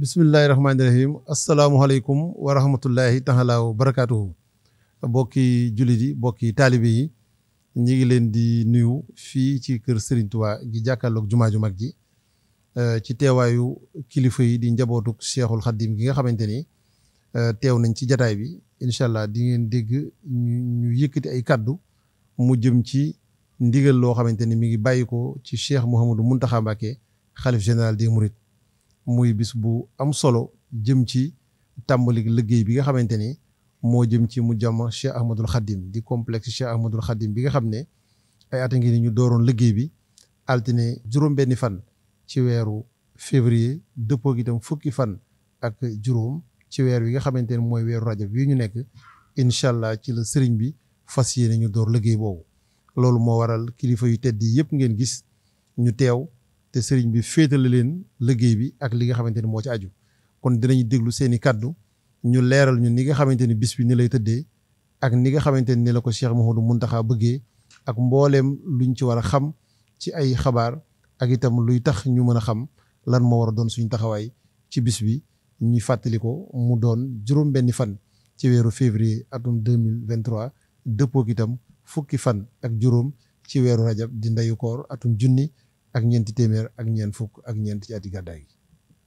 bisimilahi rahmaani rahim asalaamualeykum wa rahmatullahi taala wa barakaatuhu bokki jullit yi bokki taalibe yi ñu ngi leen di nuyu fii ci kër Serigne Touba gi jàkkaarloog jumaa ju mag ji eh, ci teewaayu kilifa yi di njabootuk Cheikhul Khadim gi nga xamante ni eh, teew nañ ci jataay bi incha allah di ngeen dégg ñu yëkkati ay kaddu mu jëm ci ndigal loo xamante ni mi ngi bàyyi ci Cheikh Mouhamadou Mountakha Mbacké xalif général des Mourides muy bis bu am solo jëm ci tàmbalik liggéey bi nga xamante ni moo jëm ci mu jàmm Cheikh Ahmadul Khadim di complexe Cheikh Ahmadul Khadim bi nga xam ne at ngi ni ñu dooroon liggéey bi altine juróom-benni fan ci weeru février dëppoo gi itam fukki fan ak juróom ci weer wi nga xamante ni mooy weeru rajab bii ñu nekk incha allah ci la sëriñ bi fas yéene ñu door liggéey boobu loolu moo waral kilifa yu tedd yi yëpp ngeen gis ñu teew te sëriñ bi féetale leen liggéey bi ak li nga xamante ni moo ci aju kon dinañ déglu seen i kàddu ñu leeral ñu ni nga xamante ni bis bi ni lay tëddee ak ni nga xamante ni la ko Cheikh mun Mountakha bëggee ak mbooleem luñ ci war a xam ci ay xabaar ak itam luy tax ñu mën a xam lan moo war a doon suñu taxawaay ci bis bi ñuy fàttali ko mu doon juróom benni fan ci weeru février atum deux mille vingt trois dëppook itam fukki fan ak juróom ci weeru rajab di ndeyu koor atum junni ak ñeenti téeméer ak ñeent fukk ak ñeent ci ati gàddaay gi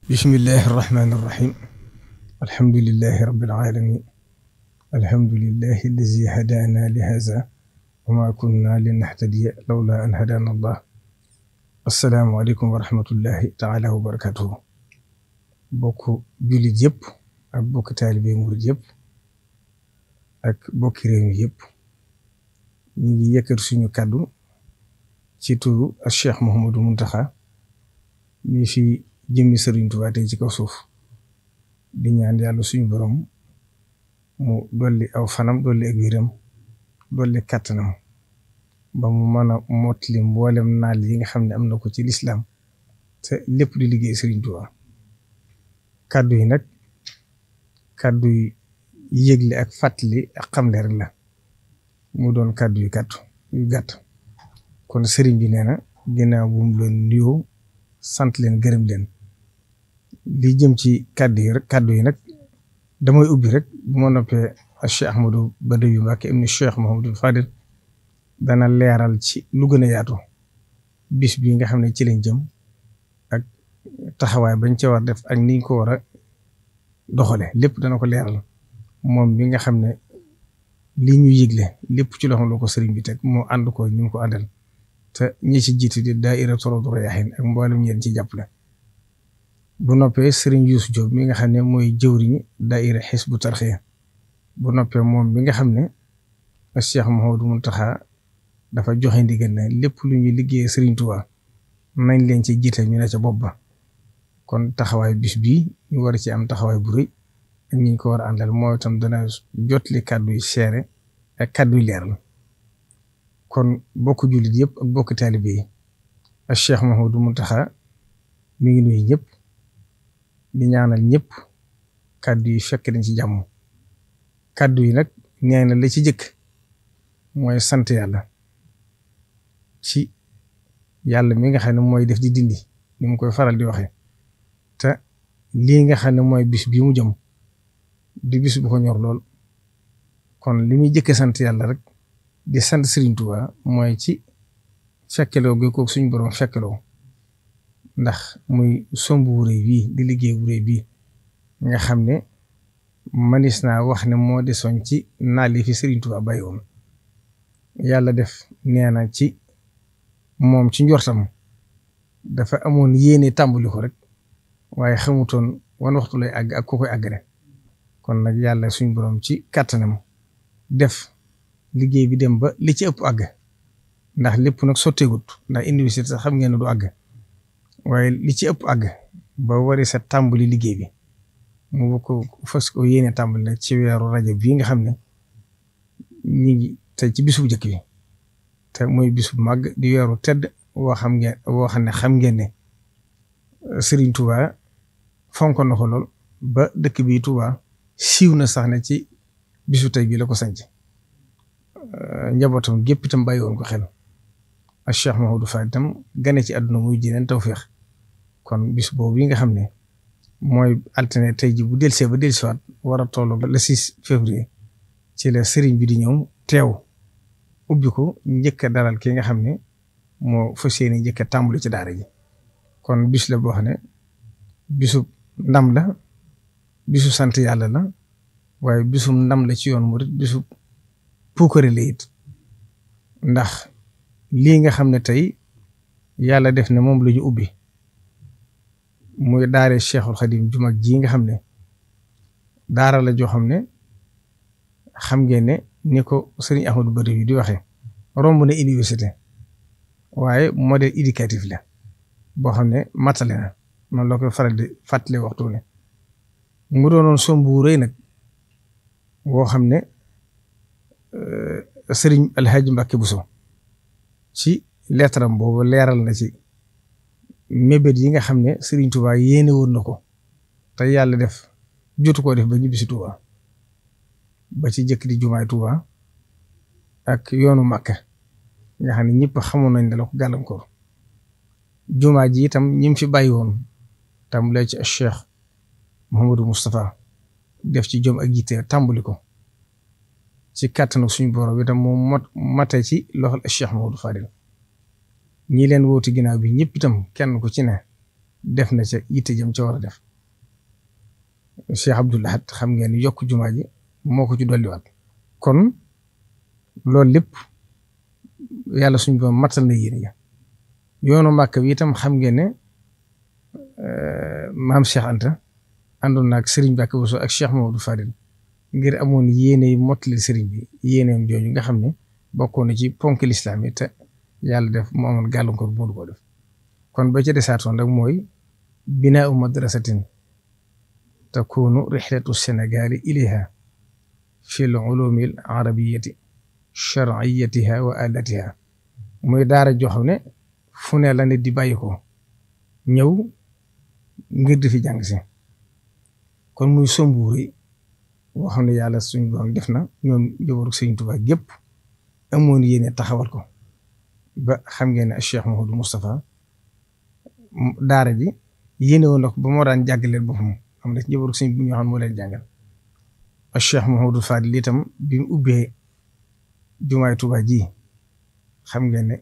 bismillahi arrahmani irrahim alhamdulilahi rabbil alamin alhamdulilahi allazi ma kunna linahtadiya lawla an hadaana allah assalaamu aleykum wa rahmatullahi taala bokk jullit yëpp ak bokk suñu kàddu ci turu ak Cheikh Mouhamadou Mountakha mi fi jëmmi Serigne Touba tey ci suuf di ñaan yàlla suñu borom mu dolli aw fanam dolli ak wéram dolli kàttanam ba mu mën a mottali mboolem naal yi nga xam ne am na ko ci lislaam lépp di liggéey Serigne Touba kàddu yi nag kàddu yi yëgle ak fàttali ak xamle rek la mu doon kàddu yu gàtt yu gàtt kon sëriñ bi nee na ginnaaw bu mu leen sant leen gërëm leen li jëm ci kàddu yi rek kàddu yi nag damay ubbi rek bu ma noppee Cheikh Ahmadou Badawi Mbacké ibn Cheikh Mouhamadou Fadil dana leeral ci lu gën a yaatu bis bi nga xam ne ci lañ jëm ak taxawaay bañ ca war def ak niñ ko war a doxale lépp dana ko leeral moom bi nga xam ne li ñuy yëgle lépp ci loo xam ne ko sëriñ bi teg moo ànd ko ñu ko àndal te ñi ci jiitu di daaira Rawdu Rayaahiin ak mboolem ñeen ci jàppale bu noppee Serigne Youssou Diop mi nga xam ne mooy jëwriñ daaira Hizbut Tarqiyyah bu noppee moom mi nga xam ne Cheikh Mouhamadou taxa dafa joxe ndigal ne lépp lu ñuy liggéeyee Serigne Touba nañ leen ci jiite ñu ne ca bopp ba kon taxawaay bis bii ñu war ci am taxawaay bu rëy ak ñi ñu ko war a àndal mooy itam dana jotli kàddu yu seere ak kàddu leer la kon bokk jullit yëpp ak bokk taalibe yi ak Cheikh Mouhamadou Mountakha mi ngi nuyu ñëpp di ñaanal ñëpp kàddu yi fekk nañ ci jàmm kàddu yi nag nee na la ci jëkk mooy sant yàlla yàlla mi nga xam ne mooy def di dindi ni mu koy faral di waxee ta lii nga xam ne mooy bis bi jëm di bis bu ko ñor lool kon li muy jëkk sant yàlla rek. di sant Serigne mooy ci fekkeloo gi ko suñu borom fekkeloo ndax muy somb wu di liggéey wu rëy nga xam ne manis naa wax ne moo desoon ci naal yi fi Serigne Touba bàyyi woon yàlla def nee na ci moom ci njortam dafa amoon yéene tàmbali ko rek waaye xamutoon wan waxtu lay àgg ak ku koy àggale kon nag yàlla suñu borom ci kàttanam def. liggéey bi dem ba li ci ëpp àgg ndax lépp nag sotteegut ndax université sax xam ngeen ne du àgg waaye li ci ëpp àgg ba wari sa tàmbali liggéey bi mu bokk fas ko yéene tàmbali nag ci weeru rajo bii nga xam ne ñu ngi tey ci bisu njëkk bi te mooy bisu màgg di weeru tedd woo xam ngeen woo xam ne xam ngeen ne Serigne Touba fonk na ko lool ba dëkk bi Touba siiw na sax ne ci bisu tey bi la ko sanc Euh, njabootam gépp itam bàyyi woon ko xel ak gane ci àdduna muy taw fex kon bisu boobu yi nga xam ne mooy altine tey ji bu delsee ba delsiwaat war a toll le 6 février ci la sëriñ bi di ñëw teew ubbi ko njëkk a dalal ki nga xam ne moo fas yéene njëkk a tàmbali ci daara ji kon bis la boo xam ne bisu ndam la bisu sant yàlla la waaye bisu ndam la ci yoon murit bisu puukare la it ndax lii nga xam ne tey yàlla def na moom la ñu ubbi muy daare cheikhul xadim ju mag ji nga xam ne daara la joo xam ne xam ngeen ne ni ko sëriñ Ahmadu Bari yi di waxee romb na université waaye modèle éducatif la boo xam ne matale na man la koy faral di fàttali waxtu ne mu doonoon somb wu rëy nag woo xam ne Euh, sëriñ alxaaji Mbàkke Buso ci leetaram boobu leeral na ci mébét yi nga xam ne sëriñ Tuubaa yéene woon na ko te yàlla def jotu koo def ba ñibbisi Tuubaa ba ci jëkk di jumaay Tuubaa ak yoonu Màkka nga xam ne ñëpp xamoon nañ ne la ko gàllankoor ji itam ñim fi bàyyi woon tam lay ci Cheikh Mouhamadou Moustapha def ci jom ak yitte tàmbali ko ci kàttanu suñu borom itam mu mot mate ci loxol Cheikh Maodo Fadil ñi leen wóotu ginnaaw bi ñëpp itam kenn ku ci ne def na ca yitte jëm ca wara a def Cheikh Abdou xam ngeen ni yokk jumaa ji moo ko ci dolliwaat kon loolu lépp yàlla suñu borom matal na yéen ya yoonu màkk bi itam xam ngeen ne euh, maam Cheikh Anta àndoon na ak Serigne Bakka Bousso ak Cheikh Maodo Fadil. ngir amoon yéene yu mottali sëriñ bi yéeneem jooju nga xam ne bokkoon na ci ponk lislaam yi yàlla def mu amoon gàllankoor bu ko def kon ba ca desaatoon rek mooy binaa u madrasatin takunu rihlatu sénégali ilayha fi l ulumi al arabiyati shar'iyatiha wa adatiha muy daara joo xam ne fu ne la di bàyyi ko ñëw ngir di fi jàng kon muy sombuuri boo xam ne yàlla suñu borom def na ñoom jabaru Sëriñ Tuubaa gépp amoon yéene taxawal ko ba xam ngeen ne Cheikh Mouhamadou Moustapha daara ji yéene woon na ko ba moo daan jàngaleel boppam xam ne jabaru Sëriñ bi ñoo xam ne moo leen jàngal ak Cheikh Mouhamadou Fadil bi mu ubbee jumaay Tuubaa ji xam ngeen ne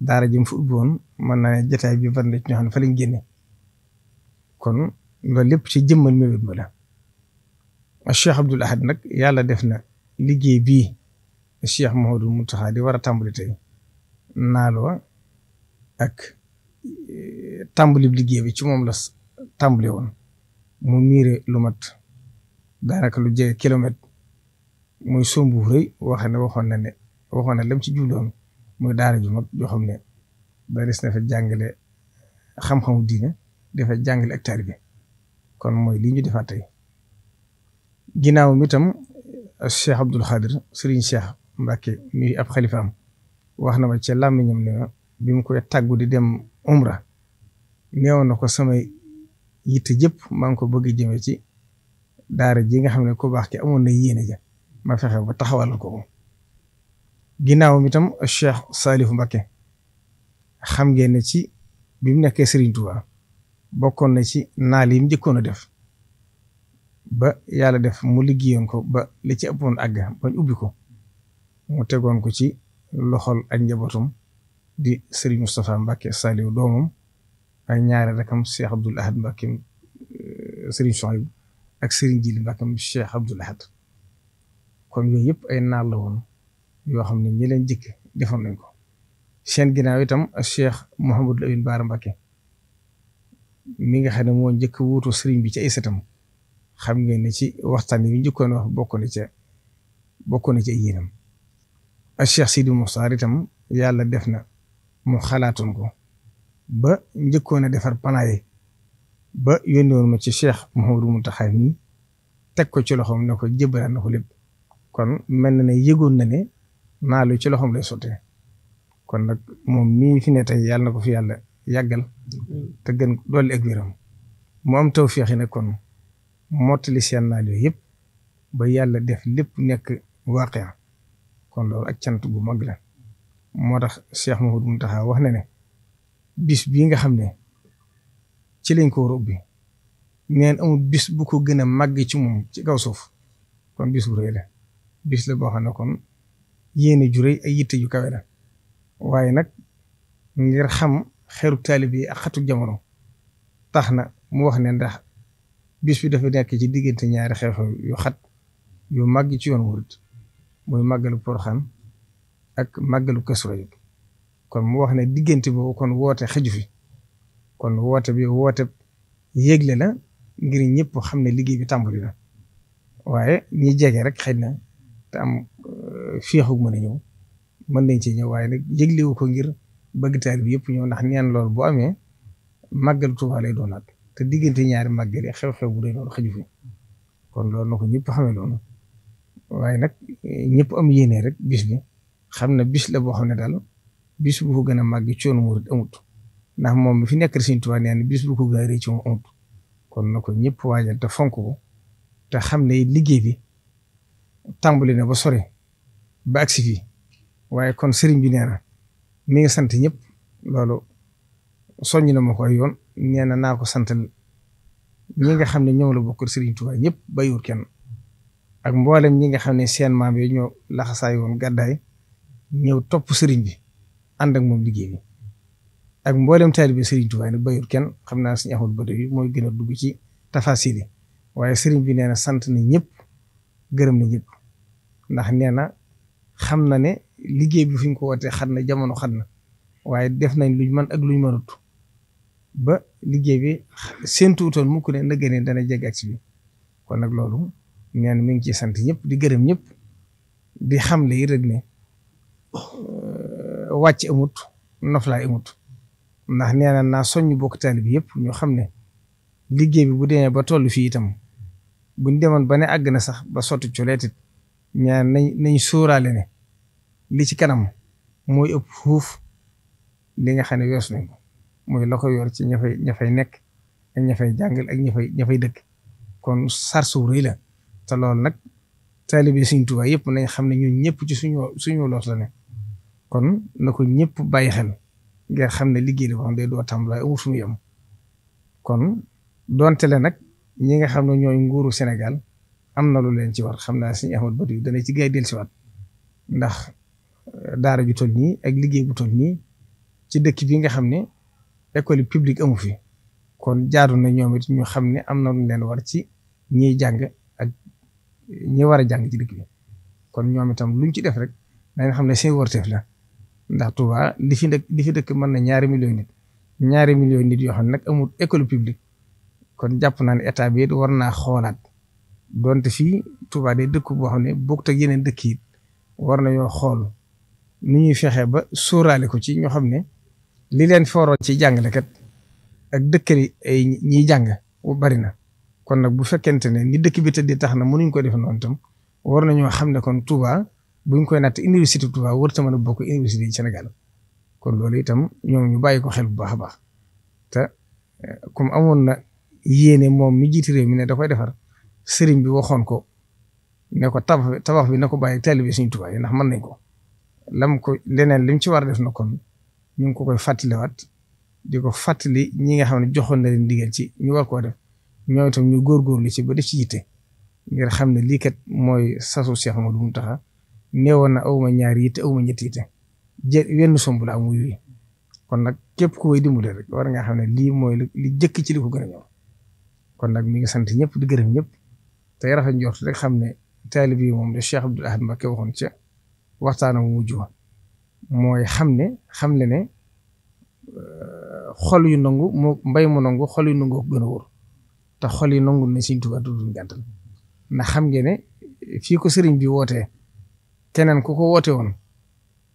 daara ji mu fa ubbi woon mën naa ne jataay bi bari na ci ñoo xam ne fa kon loolu lépp ci jëmmal mébét ba la a Cheikh Abdoul Ahad nag yàlla def na liggéey bii Cheikh Mouhamadou Mountakha di war a tàmbali tey naaloo ak e, tàmbali liggéey bi ci moom la tàmbali woon mu miire lu mat daanaka lu jege kilomètre mooy sombu rëy waxe ne waxoon na ne waxoon na lam ci jubloon muy daara ju mag joo xam ne daris na fa jàngale xam-xamu diine dafa jàngale ak taalibe bi kon mooy lii ñu defaat ginnaaw mi itam Cheikh Abdoul Khadir Serigne Cheikh Mbacke mi ab xalifa am wax na ma ci làmmiñam ne ma bi mu koy tàggu di dem umra neew na ko samay yitte jëpp maa ngi ko bëgg jëme ci daara ji nga xam ne ko baax ki amoon na yéene ja ma fexe ba taxawal ko ginnaaw mi itam Cheikh Salif Mbacke xam ngeen ne ci bi mu nekkee Serigne Touba bokkoon na ci naal yi mu njëkkoon a def. ba yàlla def mu liggéeyoon ko ba li ci ëppoon àgg bañ ubbi ko mu tegoon ko ci loxol ak njabootam di Serigne Moustapha Mbacke Saliou doomam ak ñaari rakam Cheikh Abdoul Ahad Mbacke euh, Serigne Souhaïbou ak Serigne Djili Mbacke Cheikh Abdoul Ahad kon yooyu yëpp ay naar la woon yoo xam ne ñi leen jëkk defoon nañ ko seen ginnaaw itam Cheikh Mouhamadou Lamine Bara Mbacke mi nga xam ne moo njëkk wuutu Serigne bi ci ay sëtam xam ngeen ne ci waxtaan yi njëkkoon wax bokk na ca bokk na ca yéenam ak Cheikh Sidi yàlla def na mu xalaatoon ko ba njëkkoon a defar panaa ba yónnee woon ma ci Cheikh Mouhamadou Mountakha mi teg ko ci loxoom ne ko jëbbalaan na ko lépp kon mel na ne yëgoon na ne naa lu ci loxoom lay sottee kon nag moom mii fi ne tey yàlla na ko fi yàlla yàggal te gën dolli ak wéram mu am tawféex yi nag kon. mottali seen naaj yooyu yëpp ba yàlla def lépp nekk waaqia kon loolu ak cant bu mag la moo tax Cheikh Mouhamadou Mountakha wax na ne bis bii nga xam ne ci lañ ko war a neen amul bis bu ko gën a màgg ci moom ci kaw suuf kon bis bu rëy la bis la boo xam ne kon yéene ju rëy ay yitte ju kawe waaye nag ngir xam xeru taalib yi ak xatu jamono tax na mu wax ne ndax bis bi dafa nekk ci diggante ñaari xew yu xat yu màgg ci yoon wurit muy màggalu Poroxaan ak màggalu Kazu Rajab kon mu wax ne diggante boobu kon woote xeju fi kon woote bi woote yégle la ngir ñëpp xam ne liggéey bi tàmbali na waaye ñi jege rek xëy na te am euh, féexug mën a ñëw mën nañ ci ñëw waaye nag yéglewu ko ngir bëgg taal bi yëpp ñëw ndax neen loolu bu amee màggalu Tuubaa lay doonaat te diggante ñaari màggal yi xew-xew bu dee noonu xaju fi kon loolu na ko ñëpp xamee noonu waaye nag ñëpp am yéene rek bis bi xam na bis la boo xam ne daal bis bu ko gën a màgg coono murit amut ndax moom mi fi nekk Sëriñ Tuubaa nee na bis bu ko gën a rëcc kon na ko ñëpp waajal te fonk ko te xam ne liggéey bi tàmbali na ba sore ba agsi waaye kon sëriñ bi nee na mi ngi sant ñëpp loolu soññ na ma ko yoon nee na naa ko santal ñi nga xam ne ñoom la bokkal Serigne Touba ñëpp bàyyiwul kenn ak mboolem ñi nga xam ne seen maam yooyu ñoo laxasaay woon gàddaay ñëw topp Serigne bi ànd ak moom liggéey bi ak mboolem taalibe Serigne Touba nag bàyyiwul kenn xam naa suñu axul mooy gën a dugg ci tafasil yi waaye Serigne bi nee na sant na ñëpp gërëm na ñëpp ndax nee na xam na ne liggéey bi fi ñu ko wootee xat na jamono xat na waaye def nañ luñ mën ak luñ mënut. ba liggéey bi seen tuutoon mu ko na gënee dana jeg ak bi kon nag loolu nee na mi ngi ciy sant ñëpp di gërëm ñëpp di xam le yi rek ne euh, wàcc amut noflaay amut ndax nee na naa soññ bokk taalibe bi yëpp ñu xam ne liggéey bi bu demee ba toll fii itam buñ demoon ba ne àgg na sax ba sotti coleetit ñaan nañ nañ sóoraale ne li ci kanam mooy ëpp fuuf li nga xam ne weesu mooy la ko yor ci ña fay ña fay nekk ak ña fay jàngal ak ña fay dëkk kon sarsu rëy la te loolu nag taalibe Sëriñ Tuubaa yëpp nañ xam ne ñun ñëpp ci suñu suñu loos la ne kon na ko ñëpp bàyyi xel nga xam ne liggéey la boo xam ne doo tàmbali amul kon donte nag ñi nga xam ne ñooy nguuru Sénégal am na lu leen ci war xam naa Sëriñ Ahmadu Badu dana ci gaay ndax euh, daara ju toll nii ak liggéey bu toll nii ci dëkk bi nga xam ne école yi publique amu fi kon jaadu na ñoom it ñu xam ne am na lu leen war ci ñiy jàng ak ñi war a jàng ci dëkk kon ñoom itam luñ ci def rek dañ xam ne seen warteef la ndax tuba li fi dëkk li fi dëkk mën na ñaari millions nit ñaari millions nit yoo xam ne nag amul école publique kon jàpp naa ne état bi war naa xoolaat donte fii Tuuba de dëkk boo xam ne bokkut ak yeneen dëkk yi war na yoo xool nu ñuy fexe ba sóoraale ko ci ñoo xam ne. li leen fi waroon ci jàngalekat ak dëkkari ay ñiy jàng bari na kon nag bu fekkente ne ni dëkk bi tëddee tax na mënuñ ko def noonu tam war ñoo xam ne kon Touba buñ koy natt université Touba warut a mën a bokk université yi Sénégal kon loolu itam ñoom ñu bàyyi ko xel bu baax a baax te eh, comme amoon na yéene moom mi jiiti réew mi ne da defar sëriñ bi waxoon ko ne ko tabax tabax bi na ko bàyyi taalibe Sëriñ Touba yi ndax mën nañ ko lam ko leneen lim ci war a def na kon. ñu ko koy fàttaliwaat di ko fàttali ñi nga xam ne joxoon na leen digal ci ñu war koo def ñoo itam ñu góorgóorlu ci ba def ci yitte ngir xam ne lii kat mooy sasu Cheikh Amadou Mountakha na awuma ñaari yitte awuma ñetti somb la amuy kon nag képp ku koy rek war nga xam ne lii mooy li jëkk ci li ko gën a kon nag mi ngi sant ñëpp di gërëm ñëpp tey rafet njort rek xam ne taalib yi moom de Cheikh Abdoul Ahad Mbacké waxoon ca waxtaana mu mujj mooy xam ne xam le ne euh, xol yu nangu moo mbay mu nangu xol yu nangu gën a wóor te xol yu nangu ne Sëriñ Tuubaa duñ gàntal ndax xam ngeen ne fii ko sëriñ bi wootee keneen ku ko woote woon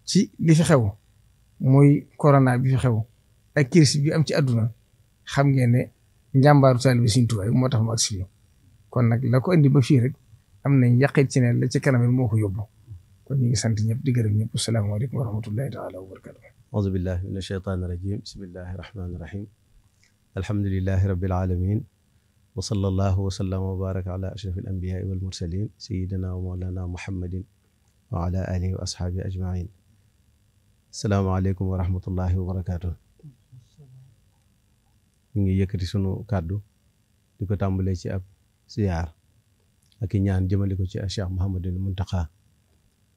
ci li fi xew mooy corona bi fi xew ak crise bi am ci àdduna xam ngeen ne njàmbaaru bi Sëriñ ay moo tax mu agsi kon nag la ko indi ba fii rek am nañ yàqit ci ne la ci kanam moo ko yóbbu kon ñu ngi sant ñëpp di gërëm ñëpp salaamaaleykum wa rahmatullahi taala wa barakatu auzu billahi min asheytaani rajim bismillahi rahmaani rahim alhamdulilahi rabbil alamin wa sallallahu wa sallama wa baraka ala ashrafil anbiyaai wal mursalin sayidina wa mawlana muhammadin wa barakatu ñu ngi yëkkati sunu kàddu di ko ci ab siyaar ak i ñaan jëmale ko ci Cheikh Mouhamadul Muntaqa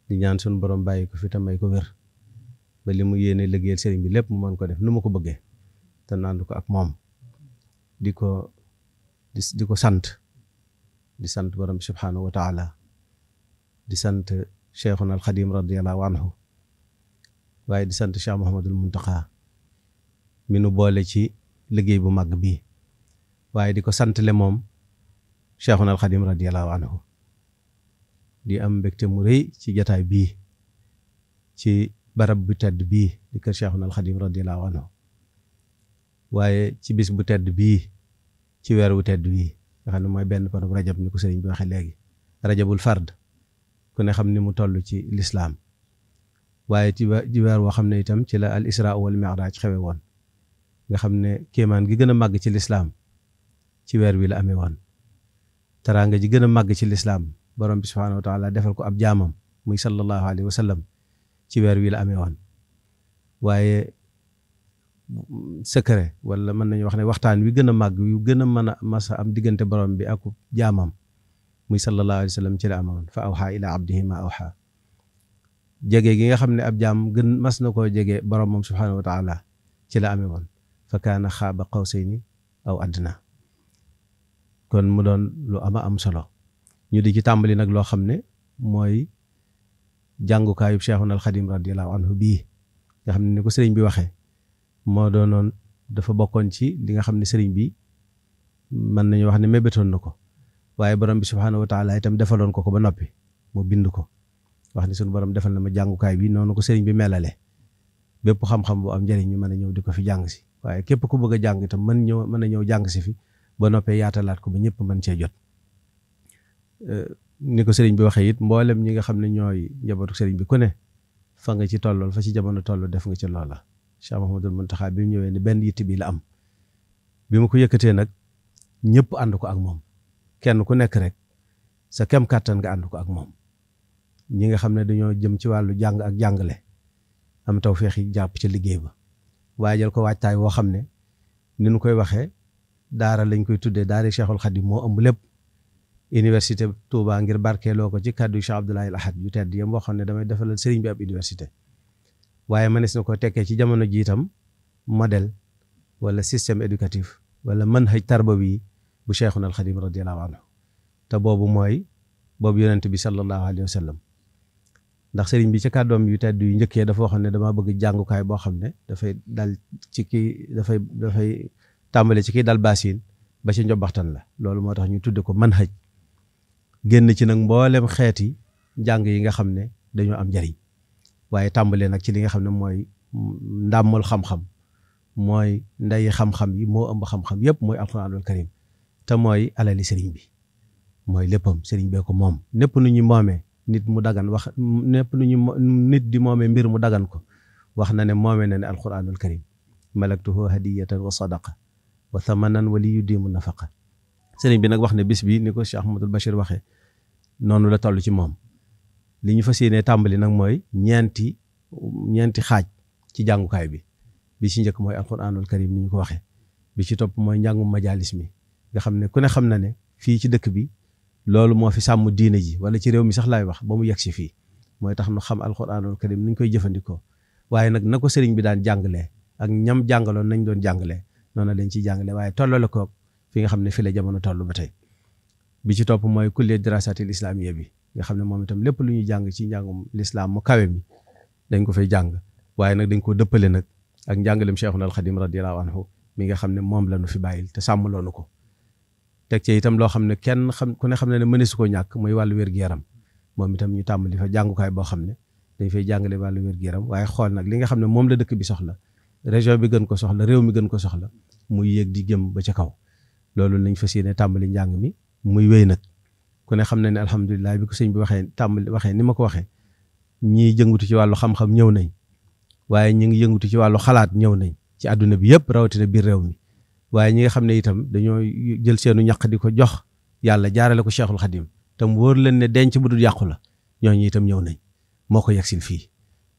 di ñaan suñu borom bàyyi ko fitam te may ko wér li mu yéene liggéeyal sëriñ bi lépp mu mën ko def nu ma ko bëggee te naandu ko ak moom di ko di ko sant di sant borom bi subhaanahu wa taala di sant cheikhuna al xadim radiallahu anhu waaye di sant cheikh muhammadul muntaqa mi nu boole ci liggéey bu màgg bii waaye di ko sant santale moom cheikhuna al xadim radiallahu anhu di am mbégte mu rëy ci jataay bii ci barab bu tedd bii di kër Cheikhuna al Xadim radiyallahu anhu waaye ci bis bu tedd bii ci weer wu tedd bii nga xam mooy benn panub rajab ni ko sëriñ bi waxee léegi rajabul fard ku ne xam ni mu toll ci lislaam waaye ci ci weer woo xam ne itam ci la al isra wal mi'raj xewe woon nga xam ne kéemaan gi gën a màgg ci lislaam ci weer wi la amee woon nga ji gën a màgg ci lislaam borom bi subhaanahu wa taala defal ko ab jaamam muy sallallahu alayhi wa ci weer wi la amee woon waaye secret wala mën nañu wax ne waxtaan wi gën a màgg wi gën a mën a masa am diggante borom bi ak jaamam muy sallallahu alayhi wa sallam ci la amoon fa awxaa ila abdihi ma awxaa jege gi nga xam ne ab jaam gën mas na koo jege borom moom subhaanahu wa taala ci la amee woon fa kaana xaaba qawsayni aw adna kon mu doon lu ama am solo ñu di ci tàmbali nag loo xam ne mooy jàngukaayu Cheikhuna al Xadim radiyallahu anhu bii nga xam ne ni ko seriñ bi waxee moo doonoon dafa bokkoon ci li nga xam ne sëriñ bi mën nañu wax ne mébétoon na ko waaye borom bi subhaanahu wa taala itam defaloon ko ko ba noppi mu bind ko wax ne sunu borom defal na ma jàngukaay bi noonu ko sëriñ bi melale bépp xam-xam bu am ñu mën a ñëw di ko fi jàng si waaye képp ku bëgg a jàng itam mën ñëw mën a ñëw jàng si fi ba noppee yaatalaat ko ba ñëpp mën cee jot Euh, ni ko sëriñ bi waxee it mboolem ñi nga xam ne ñooy njabootu sëriñ bi ko ne fa nga ci tollool fa ci jamono toll def nga ci loola Cheikh Mouhamadoul Mountakha bi mu ñëwee ni benn yitt bii la am ko yëkkatee nag ñëpp ànd ko ak moom kenn ku nekk rek sa kem kàttan nga ànd ko ak moom ñi nga xam ne dañoo jëm ci wàllu jàng ak jàngale am taw feexi jàpp ci liggéey ba waajal ko waajtaay woo xam ne ni nu koy waxee daara lañ koy tuddee daara Cheikhul Khadim moo ëmb lépp université Touba ngir barkeeloo ko ci kàddu Cheikh Abdoulaye Lahad yu tedd yam waxoon ne damay defalal sëriñ bi ab université waaye mënees na ko tekkee ci jamono ji itam modèle wala système éducatif wala manhaj tarbawi bu Cheikhuna al Xadim radiyallahu anhu te boobu mooy boobu yonent bi sallallahu alayhi wa sallam ndax sëriñ bi ci kàddoom yu tedd yu njëkkee dafa waxoon ne damaa bëgg jàngukaay boo xam ne dafay dal ci kii dafay dafay tàmbale ci kii dal baasin ba ci njobaxtan la loolu moo tax ñu tudde ko manhaj génn ci nag mboolem xeeti jàng yi nga xam ne dañoo am njariñ waaye tàmbalee nag ci li nga xam ne mooy ndàmmal xam-xam mooy nday yi moo ëmb xam-xam yëpp mooy alxuraanul karim te mooy alali sëriñ bi mooy léppam sëriñ bee ko moom népp nu ñu moomee nit mu dagan wax népp nu ñu nit di moomee mbir mu dagan ko wax na ne moomee na ne alxuraanul karim malaktuhu hadiyatan wa sadaqa wa thamanan waliyu dimu nafaqa sëriñ bi nag wax ne bis bi ni ko Cheikh Ahmadul Bachir waxee noonu la toll ci moom li ñu fa yéenee tàmbali nag mooy ñeenti ñeenti xaaj ci jàngukaay bi bi ci njëkk mooy alquranul karim ni ñu ko waxee bi ci topp mooy njàngum majalis mi nga xam ne ku ne xam na ne fii ci dëkk bi loolu moo fi sàmm diine ji wala ci réew mi sax laay wax ba mu yegg si fii mooy tax nu xam alquranul karim ni ñu koy jëfandikoo waaye nag na ko sëriñ bi daan jàngalee ak ñam jàngaloon nañ doon jàngalee noonu lañ ciy jàngalee waaye tolloo la koog fi nga xam ne fi la jamono toll ba tey bi ci topp mooy kullee dirasatil islamiya bi nga xam ne moom itam lépp lu ñuy jàng ci njàngum lislaam kawe mi dañ ko fay jàng waaye nag dañ ko dëppale nag ak njàngalem Cheikhuna al Xadim radiyallahu anhu mi nga xam ne moom la nu fi bàyyil te sàmm loonu ko teg ci itam loo xam ne kenn xam ku ne xam ne ne mënees koo ñàkk mooy wàllu wér gu moom itam ñu tàmbali fa jàngukaay boo xam ne dañ fay jàngale wàllu wér gu waaye xool nag li nga xam ne moom la dëkk bi soxla région bi gën ko soxla réew mi gën ko soxla mu yéeg di jëm ba ci kaw loolu lañ fas yéene tàmbali njàng mi muy wéy nag ku ne xam na ne alhamdulilah bi ko sëñ bi waxee tàmbali waxee ni ma ko waxee ñii jëngatu ci wàllu xam-xam ñëw nañ waaye ñi ngi yëngatu ci wàllu xalaat ñëw nañ ci àdduna bi yëpp rawatina biir réew mi waaye ñi nga xam ne itam dañoo jël seenu ñaq di ko jox yàlla jaarale ko Cheikhul Khadim tam wóor leen ne denc bu dul yàqu la ñooñu itam ñëw nañ moo ko yegsil fii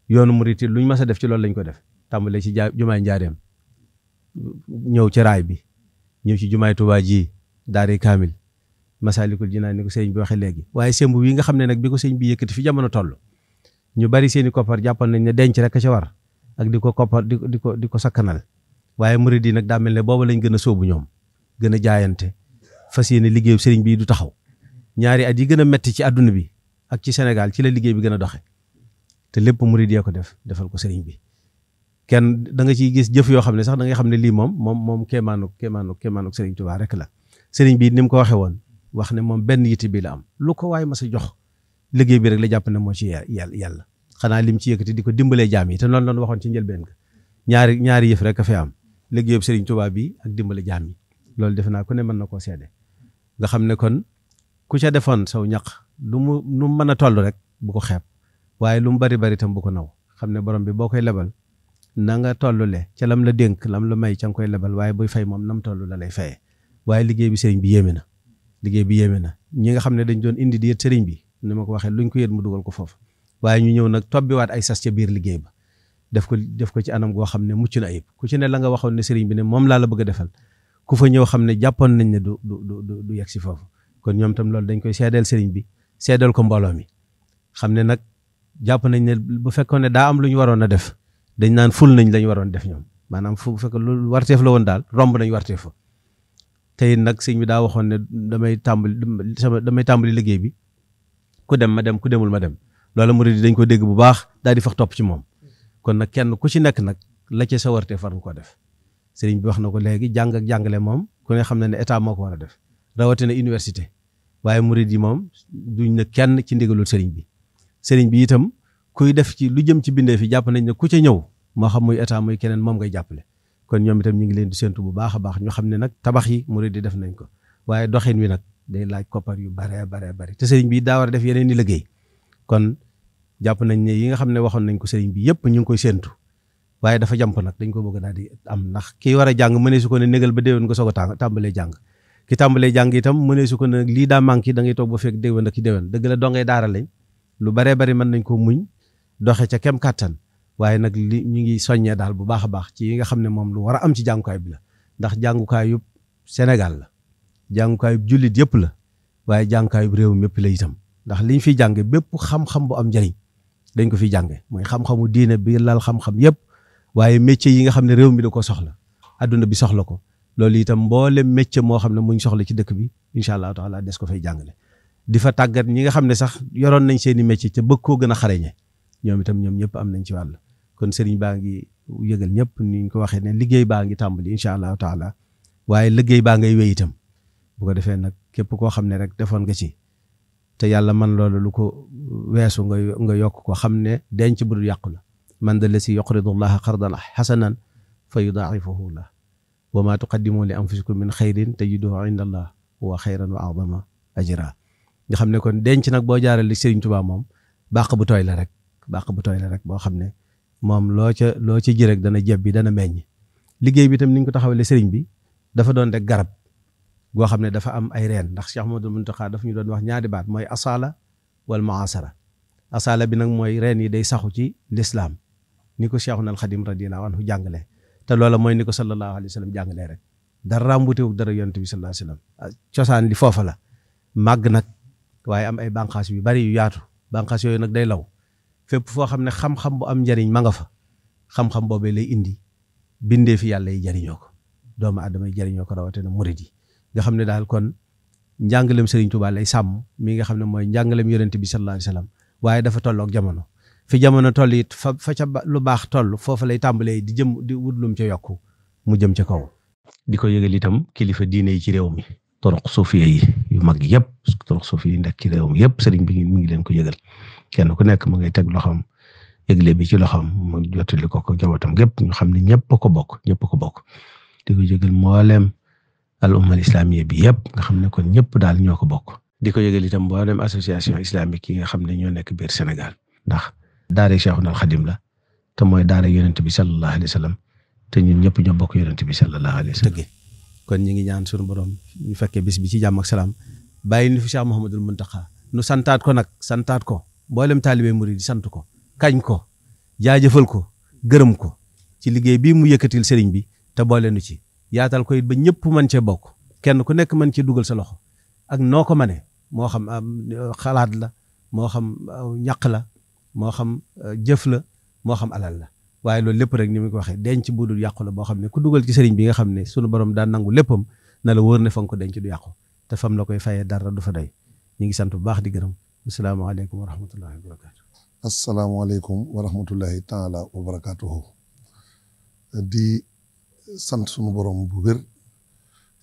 yoonu murit luñ mas a def ci loolu lañ ko def tàmbalee ci jaa jumaay njaareem ñëw ci raay bi ñëw ci jumaay Tuubaa ji daari kaamil Masaalikul Jinaan ni ko sëñ bi waxee léegi waaye semb wi nga xam ne nag bi ko sëñ bi yëkkati fi jamono toll ñu bari seen i koppar jàppal nañ ne denc rek ca war ak di ko koppar di ko di ko di ko sakkanal waaye murid nag daa mel ne booba lañ gën a sóobu ñoom gën a jaayante fas yéene liggéey sëriñ bi du taxaw ñaari at yi gën a metti ci àdduna bi ak ci Sénégal ci la liggéey bi gën a doxe te lépp murid yee ko def defal ko sëriñ bi kenn da nga ciy gis jëf yoo xam ne sax da ngay xam ne lii moom moom moom kéemaanug kéemaanug kéemaanug Serigne Touba rek la Serigne bii ni mu ko waxee woon wax ne moom benn yitte bi la am lu ko waaye ma sa jox liggéey bi rek la jàpp ne moo ci yàlla yàlla xanaa lim ci yëkkati di ko dimbalee jaam yi te noonu la ñu waxoon ci njëlbeen ga ñaari yëf rek a fi am liggéeyub Serigne Touba bi ak dimbale jaam yi loolu defe naa ko ne mën na koo seede nga xam ne kon ku ca defoon saw ñaq lu mu lu mën a toll rek bu ko xeeb waaye lu mu bari bari tam bu ko naw xam ne borom bi boo koy lebal nanga nga tollule ca lam la dénk lam la may ca nga lebal waaye buy fay moom nam toll la lay fayee waaye liggéey bi sëriñ bi yéeme na liggéey bi yéeme na ñi nga xam ne dañ doon indi di yët sëriñ bi ni ma ko waxee luñ ko yët mu dugal ko foofu waaye ñu ñëw nag tobbiwaat ay sas ca biir liggéey ba def ko def ko ci anam goo xam ne mucc na ay ku ci ne la nga waxoon ne sëriñ bi ne moom laa bëgg a ku fa ñëw xam ne jàppoon nañ ne du du du du yegg si foofu kon ñoom tam loolu dañ koy seedeel sëriñ bi seedeel ko mbooloo mi ne nag jàpp nañ ne bu fekkoon daa am lu ñu waroon a def dañ naan ful nañ lañ waroon def ñoom maanaam fu fekk lu warteef la woon daal romb nañ warteef fa tey nag sëñ bi daa waxoon ne damay tàmbali damay tàmbali liggéey bi ku dem ma dem ku demul ma dem loolu murid dañ ko dégg bu baax daa di fax topp ci moom kon nag kenn ku ci nekk nag la ca sa warteef war nga ko def sëriñ bi wax na ko léegi jàng ak jàngale moom ku ne xam na ne état moo ko war a def rawatina université waaye murid yi moom duñ na kenn ci ndigalul sëriñ bi sëriñ bi itam kuy def ci lu jëm ci bindee fi jàpp nañ ne ku ca ñëw moo xam muy état muy keneen moom ngay jàppale kon ñoom itam ñu ngi leen di séntu bu baax baax ñoo xam ne nag tabax yi murid di def nañ ko waaye doxin wi nag day laaj koppar yu bare bare bare te sëriñ bi daa def yeneen i liggéey kon jàpp nañ ne yi nga xam ne waxoon nañ ko sëriñ bi yëpp ñu ngi koy séntu waaye dafa jàmp nag dañ ko bëgg daal di am ndax kii war a jàng mënee su ko ne négal ba déwén nga soog a tàmbalee jàng ki tàmbalee jàng itam mënee su ko ne lii daa manqué da ngay toog ba fekk déwén ak ki déwén dëgg la dongay daara lañ lu baree bari mën nañ ko muñ doxe ca kem kàttan waaye nag li ñu ngi soññee daal bu baax a baax ci yi nga xam ne moom lu war am ci jàngukaay bi la ndax jàngukaayu Sénégal la jàngukaayu jullit yëpp la waaye jàngukaayu réew mi yëpp la itam ndax ñu fiy jànge bépp xam-xam bu am njariñ dañ ko fiy jànge mooy xam-xamu diine bi lal xam-xam yëpp waaye métier yi nga xam ne réew mi da ko soxla adduna bi soxla ko loolu itam mboolem métier moo xam ne mu ngi soxla ci dëkk bi incha allahu taala des ko fay jàngale di fa tàggat ñi nga xam ne sax yoroon nañ seen i métier ca bëgg koo gën a xarañe ñoom itam ñoom ñëpp am nañ ci wàll kon sëriñ baa ngi yëgal ñëpp ni ñu ko waxee ne liggéey baa ngi tàmbali incha allahu taala waaye liggéey baa ngay wéy itam bu ko defee nag képp koo xam ne rek defoon nga ci te yàlla man loolu lu ko weesu nga nga yokk ko xam ne denc bu dul yàqu la man da la si yuqridu llaha qardan xasanan fa yudaa'ifahu lah wa ma tuqaddimu li anfusikum min xayrin tajiduhu inda allah wa xayran wa a'zama ajra nga xam ne kon denc nag boo jaarale Sëriñ Tuubaa moom bàq bu tooy la rek bàq bu tooy la rek boo xam ne moom loo ca loo ca ji dana jeb bi dana meññ liggéey bi tam ni ko taxawalee seriñ bi dafa doon rek garab goo xam ne dafa am ay reen ndax Cheikh Ahmadou Mountakha dafa ñu doon wax ñaari baat mooy asala wal muasara asala bi nag mooy reen yi day saxu ci lislaam ni ko Cheikhuna al Xadim radiyallahu anhu jàngalee te loola mooy ni ko sallallahu alayhi wa sallam jàngalee rek dara mbutewu dara yonent bi sallallahu alayhi wa ah, cosaan li foofa la màgg nag waaye am ay bànqaas yu bari yu yaatu bànqaas yooyu nag day law fépp foo xam ne xam-xam bu am njariñ ma nga fa xam-xam boobee lay indi bindee fi yàlla yi jariñoo ko doomu aadama yi jariñoo ko rawatina murid yi nga xam ne daal kon njàngalem Serigne Touba lay sàmm mi nga xam ne mooy njàngalem yonent bi sallallahu alayhi wasallam waaye dafa tollook jamono fi jamono toll it fa fa ca lu baax toll foofa lay tàmbalee di jëm di wut lum ca yokku mu jëm ca kaw. di ko yëgal itam kilifa diine yi ci réew mi. toroq suufiya yi yu mag yëpp toroq suufiya yi nekk ci réew mi yëpp Serigne bi mi ngi leen ko yëgal. kenn ku nekk mu ngay teg loxoom yëgle bi ci loxoom mu jottali ko ko njabootam gépp ñu xam ne ñëpp ko bokk ñëpp ko bokk di ko yëgal mboolem al umma bi yëpp nga xam ne kon ñëpp daal ñoo ko bokk. di ko yëgal itam mboolem association islamique yi nga xam ne ñoo nekk biir senegal ndax daara Cheikhul Khadim la te mooy daara yonent bi sallallahu alayhi wa sallam te ñun ñëpp ñoo bokk yonent bi sallallahu alayhi wa sallam. kon ñu ngi ñaan suñu borom ñu fekkee bis bi ci jàmm ak salaam bàyyi ñu fi Cheikh Mouhamadul Mountakha nu santaat ko nag santaat ko. mboolem taalibe murid di sant ko kañ ko jaajëfal ko gërëm ko ci liggéey bii mu yëkkatil sëriñ bi te boole nu ci yaatal ko it ba ñëpp mën cee bokk kenn ku nekk mën cee dugal sa loxo ak noo ko mënee moo xam xalaat la moo xam ñaq la moo xam jëf la moo xam alal la waaye loolu lépp rek ni mu ko waxe denc bu dul yàqu la boo xam ne ku dugal ci sëriñ bi nga xam ne sunu borom daan nangu léppam na la wóor ne fa ko denc du yàqu te fam la koy faye dara du fa ñu ngi sant bu baax di gërëm asalaamaaleykum wa rahmatullahi wa barakaatu. asalaamaaleykum wa di sant sunu borom bu wér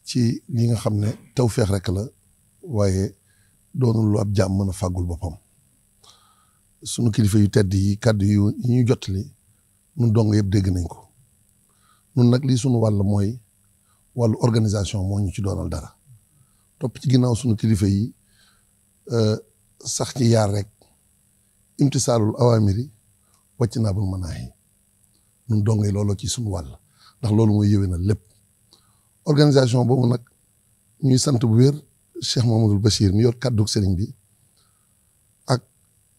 ci li nga xam ne tawféex rek la waaye doonul ab jaam mën fàggul boppam. sunu kilifa yu tedd yi kàddu yu ñu jotali ñun dong yëpp dégg nañ ko ñun nag lii sunu wàll mooy wàllu organisation moo ñu ci doonal dara topp ci ginnaaw sunu kilifa yi. Euh, sax ci yaar rek imtisaalul awaamiri wàcc naa bul manaahi ñun i looloo ci suñu wàll ndax loolu mooy yëwee na lépp organisation boobu nag ñuy sant bu wér Cheikh Mamadou Bachir mi yor kàddug sëriñ bi ak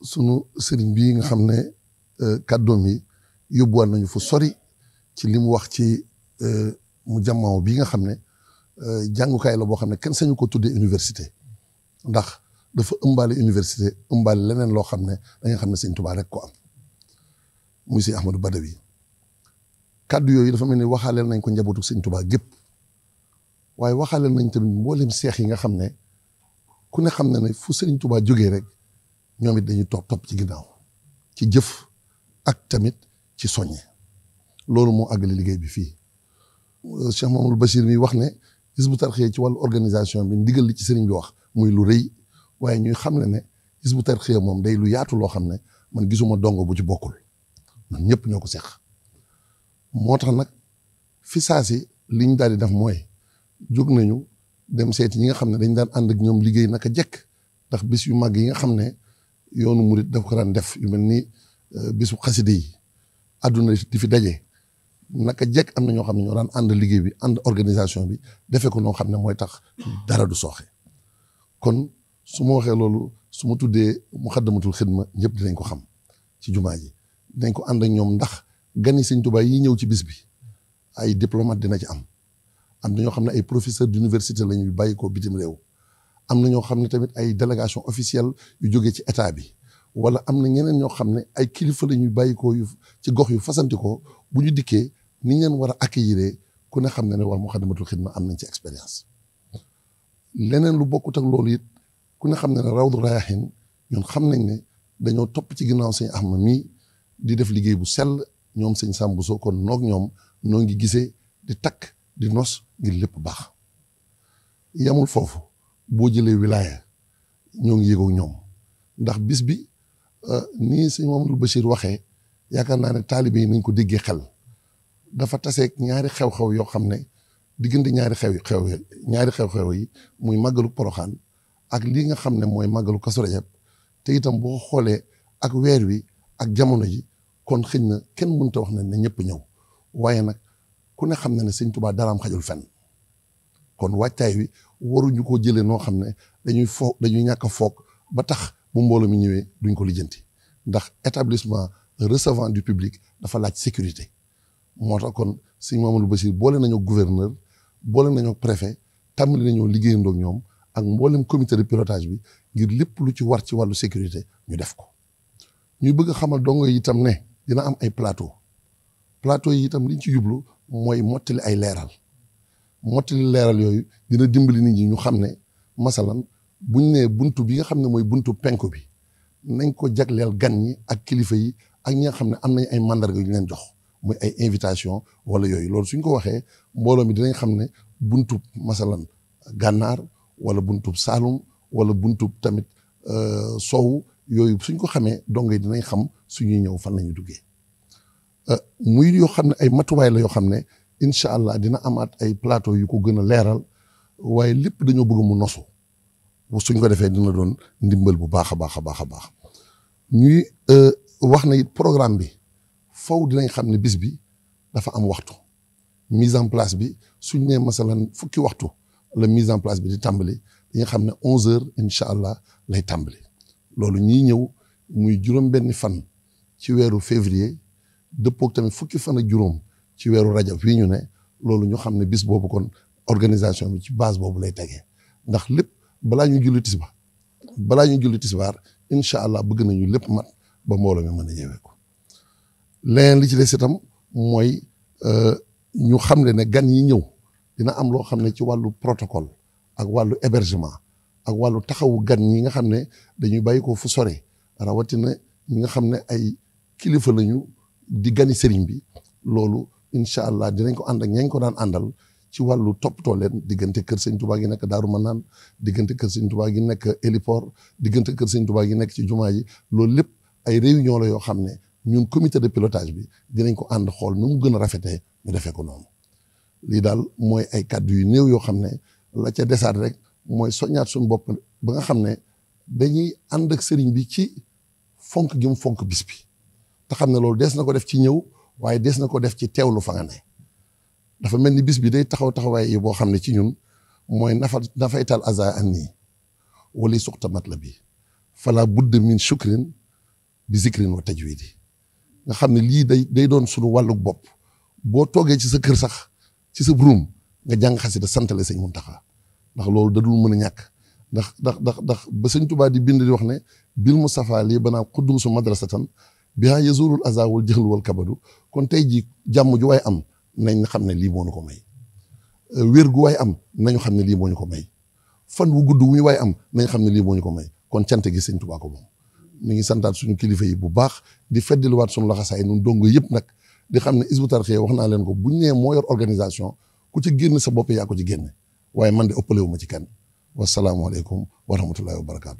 sunu sëriñ bi nga xam ne euh, kàddoom yi yóbbuwaat nañu fu sori ci li mu wax ci euh, mu jàmmaaw bii nga xam ne euh, jàngukaay la boo xam ne kenn sañu ko tuddee université ndax dafa ëmbaale université ëmbaale leneen loo xam ne danga xam ne sëñ Tuubaa rek ko am muy sëñ Ahmadou Badawi kàddu yooyu dafa mel ni waxaaleel nañ ko njabootu sëñ Tuubaa gépp waaye waxaaleel nañ tamit mboolem seex yi nga xam ne ku ne xam ne ne fu sëñ tubaa jógee rek ñoom it dañuy topp topp ci ginnaaw ci jëf ak tamit ci soññe loolu moo àggale liggéey bi fii Cheikh Mamadou Bachir mi wax ne Hizbut Tarqiyyah ci wàllu organisation bi ndigal li ci sëriñ bi wax muy lu rëy waaye ñuy xam ne ne Hizbut Tarqiyyah moom day lu yaatu loo xam ne man gisuma dongo bu ci bokkul ñun ñëpp ñoo ko seq moo tax nag fi saa si li ñu daal di def mooy jóg nañu dem seeti ñi nga xam ne dañ daan ànd ak ñoom liggéey naka jekk ndax biss yu mag yi nga xam ne yoonu murit daf ko daan def yu mel ni euh, bisu xaside yi àdduna di fi daje naka jekk am na ñoo xam ne ñoo daan ànd liggéey bi ànd organisation bi defee ko noo xam ne mooy tax dara du sooxe su ma waxee loolu su ma tuddee muxaddamatul xidma ñëpp dinañ ko xam ci jumaa ji dinañ ko ànd ak ñoom ndax gani sëñ Tuubaa yi ñëw ci bis bi ay diplomate dina ci am am na ñoo xam ne ay professeur d'université la ñuy bàyyi ko bitim réew am na ñoo xam ne tamit ay délégation officielle yu jógee ci état bi wala am na ñeneen ñoo xam ne ay kilifa la ñuy bàyyikoo yu ci gox yu fasanti ko bu ñu dikkee ni ñu leen war a accueillir ku ne xam ne ne waa Muxaddamatul Xidma am nañ ci expérience leneen lu bokkut ak loolu it ku ne xam ne ne Rawdu Rayaahiin ñoom xam nañ ne dañoo topp ci ginnaaw sëñ Axma mii di def liggéey bu sel ñoom sëñ Samb Bousso kon noog ñoom noo ngi gisee di takk di nos ngir lépp baax yamul foofu boo jëlee wilaya ñoo ngi yëgoo ñoom ndax bis bi euh, nii sëñ Mamadou Bachir waxee yaakaar naa ne taalibe yi nañ ko déggee xel dafa taseeg ñaari xew-xew yoo xam ne diggante ñaari xew xew ñaari xew-xew yi muy màggalu poroxaan ak lii nga xam ne mooy màggalu Kazu Rajab te itam boo xoolee ak weer wi ak jamono ji kon xëñ na kenn mënut a wax ne ne ñëpp ñëw waaye nag ku ne xam na ne sëñ dara am xajul fenn kon wàccaay wi waruñu koo jëlee noo xam ne dañuy foog dañuy ñàkk foog ba tax bu mbooloo mu ñëwee duñ ko lijjanti ndax établissement recevant du public dafa laaj sécurité moo tax kon sëñ Mamadou Bassir boole nañoo gouverneur boole nañoo préfet tàmbali nañoo liggéeyandoo ñoom ak mboolem comité de pilotage bi ngir lépp lu ci war ci wàllu sécurité ñu def ko. ñu bëgg a xamal dongo yi itam ne dina am ay plateau plateau yi itam liñ ci jublu mooy mottali ay leeral mottali leeral yooyu dina dimbali nit ñi ñu xam ne masalan buñ nee buntu bi nga xam ne mooy buntu penku bi nañ ko jagleel gan ñi ak kilifa yi ak ñi nga xam ne am nañ ay mandarga yu ñu leen jox muy ay invitation wala yooyu loolu suñ ko waxee mbooloo mi dinañ xam ne buntu masalan gànnaar. wala buntub saalum wala buntub tamit euh, sow yooyu suñ ko xamee dongo yi dinañ xam suñuy ñëw fan lañu duggee euh, muy yoo xam ne ay matuwaay la yoo xam ne incha allah dina amaat ay plateau yu ko gën a leeral waaye lépp dañoo bëgg mu nosu suñ ko defee dina doon ndimbal bu baax a baax a baax a baax ñuy euh, wax na it programme bi faw dinañ xam ne bis bi dafa am waxtu mise en place bi suñ nee masalan fukki waxtu la mise en place bi di tàmbali dañu xam ne onze heures incha allah lay tàmbali loolu ñuy ñëw muy juróom-benni fan ci weeru février dëppook tamit fukki fan ak juróom ci weeru rajab fii ñu ne loolu ñu xam ne bis boobu kon organisation bi ci base boobu lay tegee ndax lépp balaa ñu julli tisbaar balaa ñu julli tisbaar incha allah bëgg nañu lépp mat ba mbooloo mi mën a ñëwee ko leneen li ci des itam mooy euh, ñu xam ne ne gan yi ñëw dina am loo xam ne ci wàllu protocole ak wàllu hébergement ak wàllu taxaw gan ñi nga xam ne dañuy bàyyi ko fu sore rawatina ñi nga xam ne ay kilifa lañu di gani sëriñ bi loolu incha allah dinañ ko ànd ak ñañ ko daan àndal ci wàllu toppatoo leen diggante kër sëñ Tuubaa gi nekk Daaru Manaan diggante kër sëñ Tuubaa gi nekk héliport diggante kër sëñ Tuubaa nekk ci jumaa yi loolu lépp ay réunion la yoo xam ne ñun comité de pilotage bi dinañ ko ànd xool nu mu gën a rafetee ñu defee ko noonu. lii daal mooy ay kàddu yu néew yoo xam ne la ca desaat rek mooy soññaat suñu bopp ba nga xam ne dañuy ànd ak sëriñ bi ci fonk gi mu fonk bis bi te xam ne loolu des na ko def ci ñëw waaye des na ko def ci teewlu fa nga ne dafa mel ni bis bi day taxaw taxawaay yi boo xam ne ci ñun mooy nafa nafaytal aza an nii wali suxta la bi fala budde min shukrin bi zikrin wa nga xam ne lii day day doon suñu wàlluk bopp boo toogee ci sa kër sax ci sa ruum nga jàng xasida santale sëñ Muntaxa ndax loolu da dul mën a ñàkk ndax ndax ndax ndax ba sëñ Tuubaa di bind di wax ne bil Mustafa lii banaa xudduusu madrasatan bihaa yazurul azaa wal jëxlu wal kabadu kon tey jii jàmm ju waay am nañ xam ne lii moo ko may euh, wér gu am nañu xam ne lii moo ko may fan wu gudd wu waay am nañ xam ne lii moo ñu ko may kon cant gi sëñ Tuubaa ko moom ñu ngi santaat suñu kilifa yi bu baax di feddiluwaat suñu laxasaay nun dongo yëpp nag di xam ne Hizbut Tarqiyyah wax naa leen ko buñ nee moo yor organisation ku ci génn sa bopp yaa ko ci génne waaye man de ëppale wu ma ci kenn wasalaamualeykum wa rahmatullahi wa barakaatu.